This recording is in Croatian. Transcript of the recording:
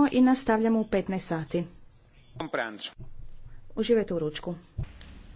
smo i nastavljamo u 15 sati. Uživajte u ručku.